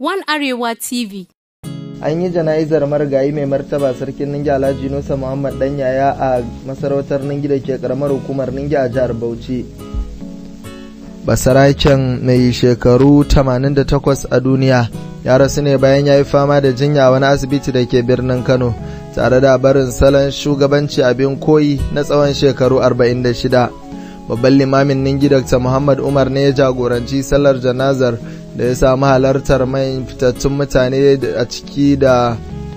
One Arewa TV. An yi jana'izar marigayi mai martaba sarkin Ningi Alhaji Nusa Muhammad Danyaya a masarautar Ningi da ke karamar hukumar Ningi a jihar Bauchi. Basaraken mai shekaru 88 a duniya ya rasu ne bayan ya yi fama da jinya wani asibiti da ke birnin Kano tare da barin salon shugabanci abin koyi na tsawon shekaru 46. Babban limamin Ningi Dr. Muhammad Umar ne ya jagoranci sallar janazar da ya samu halartar mai fitattun mutane a ciki da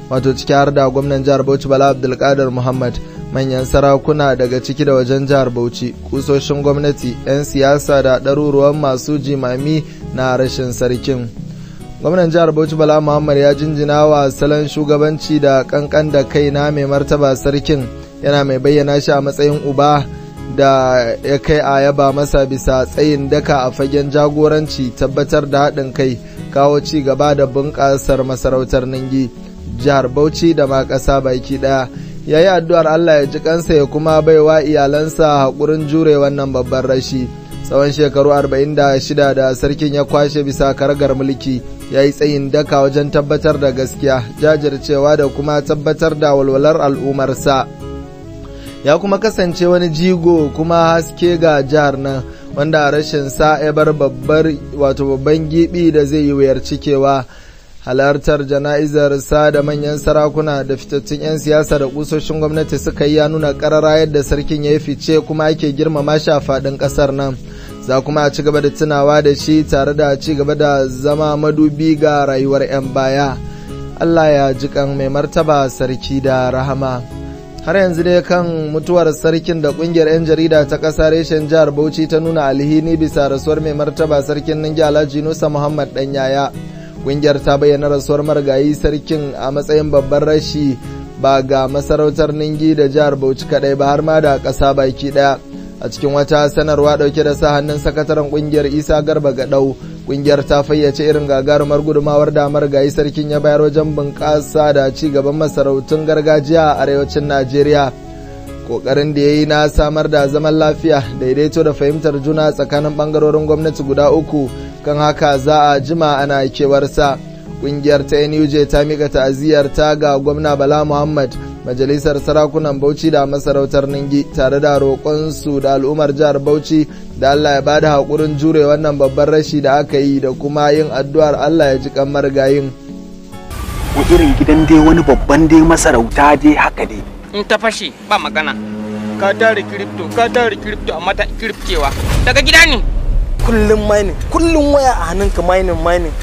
wato ciki har da gwamnan jihar Bauchi Bala Abdulkadir Muhammad manyan sarakuna daga ciki da wajen jihar Bauchi kusoshin gwamnati 'yan siyasa da ɗaruruwan masu jimami na rashin sarkin. gwamnan jihar bauchi bala muhammad ya jinjina wa salon shugabanci da kankan da kai na mai martaba sarkin yana mai bayyana shi a matsayin uba da ya kai a yaba masa bisa tsayin daka a fagen jagoranci tabbatar da haɗin kai kawo ci gaba da bunƙasar masarautar ningi jihar bauchi da ma ƙasa baki ɗaya ya yi addu'ar allah ya ji kansa ya kuma baiwa iyalansa haƙurin jure wannan babban rashi tsawon shekaru 46 da sarkin ya kwashe bisa karagar mulki ya yi tsayin daka wajen tabbatar da gaskiya jajircewa da kuma tabbatar da walwalar al'ummarsa. ya kuma kasance wani jigo kuma haske ga jihar nan wanda rashin sa ya bar babbar wato babban gibi da zai yi wuyar cikewa halartar jana'izar sa da manyan sarakuna da fitattun 'yan siyasa da kusoshin gwamnati suka yi ya nuna karara yadda sarkin ya yi fice kuma ake girmama shi a ƙasar nan za kuma a ci gaba da tunawa da shi tare da ci gaba da zama madubi ga rayuwar 'yan baya allah ya jiƙan mai martaba sarki da rahama har yanzu dai kan mutuwar sarkin da kungiyar 'yan jarida ta ƙasa reshen jihar bauchi ta nuna alhini bisa rasuwar mai martaba sarkin ninja alhaji nusa muhammad dan yaya kungiyar ta bayyana rasuwar marigayi sarkin a matsayin babban rashi ba ga masarautar ningi da jihar bauchi kadai ba har ma da ƙasa baki daya a cikin wata sanarwa dauke da sa hannun sakataren kungiyar isa garba gadau kungiyar ta fayyace irin gagarumar gudumawar da marigayi sarkin ya bayar wajen bunƙasa da ci gaban masarautun gargajiya a arewacin Najeriya. kokarin da ya yi na samar da zaman lafiya daidaito da fahimtar juna tsakanin ɓangarorin gwamnati guda uku kan haka za a jima ana kewarsa. Ƙungiyar ta NUJ ta miƙa ta'aziyar ta ga gwamna Bala Muhammad majalisar sarakunan bauchi da masarautar ningi tare da roƙonsu da al'ummar jihar bauchi da allah ya bada haƙurin jure wannan babban rashi da aka yi da kuma yin addu'ar allah ya ji kan marigayin ko irin gidan dai wani babban dai masarauta dai haka dai in ta fashe ba magana ka tare kiripto ka tare kiripto amma ta kiriptewa daga gida ne kullum mining kullum waya a hannunka mining mining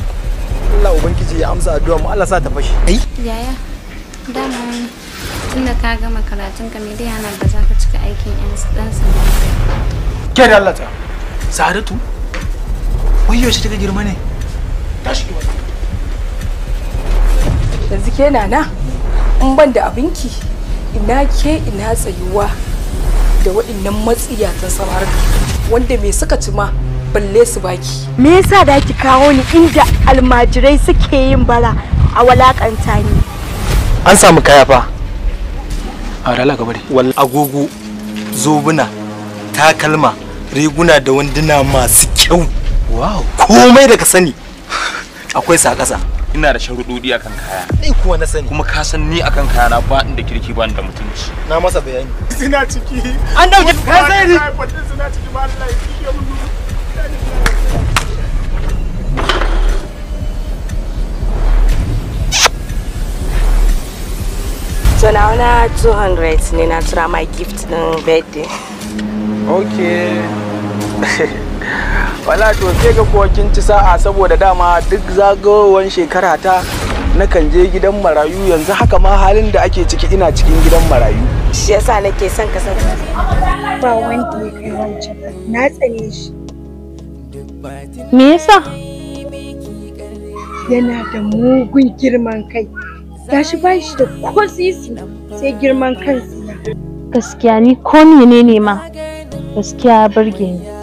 Allah ubangiji ya amsa addu'a mu Allah sa ta fashe ai yaya dama da ka gama karatun ka me dai yana ba za ka cika aikin yan dan sanda ke da Allah ta Sadatu wai shi kika girma ne tashi ki wani yanzu ke nana in ban da abinki ina ke ina tsayuwa da waɗannan matsiyatan ka wanda me suka ci ma balle su baki me yasa da ki kawo ni inda almajirai suke yin bara a walakanta ni an samu kaya fa a dala ka bari agogo zobuna takalma riguna da wanduna masu kyau wow komai da ka sani akwai sa ƙasa ina da sharuɗoɗi akan kaya ni kuwa na sani kuma ka san ni akan kaya na ba inda kirki ba da mutunci na masa bayani suna ciki an dauke ka sani suna ciki ba Allah ya kiyaye mu na 200 ne na tura my gift din birthday okay wala to sai ga kokin ci sa'a saboda dama duk zagawowar shekara ta nakan je gidan marayu yanzu haka ma halin da ake ciki ina cikin gidan marayu shi yasa nake son ka san ba wanda ya kai wancan na tsane shi me yasa yana da mugun girman kai gashi ba shi da ko sisi sai girman kansa gaskiya ni ko menene ma gaskiya burge ni